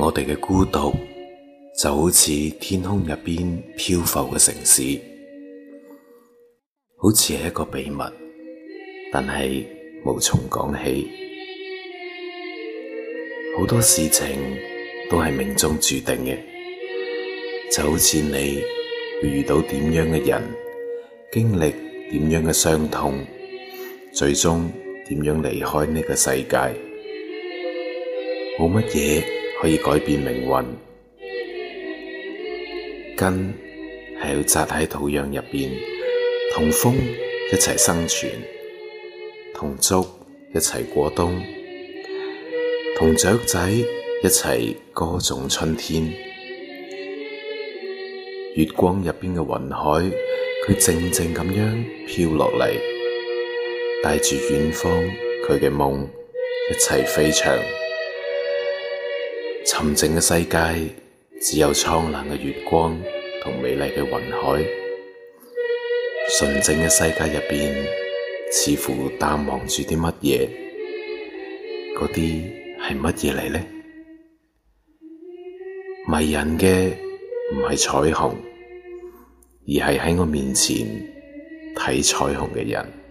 我哋嘅孤獨就好似天空入邊漂浮嘅城市，好似係一個秘密，但係無從講起。好多事情都係命中注定嘅，就好似你遇到點樣嘅人，經歷點樣嘅傷痛，最終點樣離開呢個世界，冇乜嘢。可以改變命運。根係要扎喺土壤入邊，同風一齊生存，同竹一齊過冬，同雀仔一齊歌頌春天。月光入邊嘅雲海，佢靜靜咁樣飄落嚟，帶住遠方佢嘅夢，一齊飛翔。沉靜嘅世界，只有蒼藍嘅月光同美麗嘅雲海。純淨嘅世界入邊，似乎淡忘住啲乜嘢。嗰啲係乜嘢嚟呢？迷人嘅唔係彩虹，而係喺我面前睇彩虹嘅人。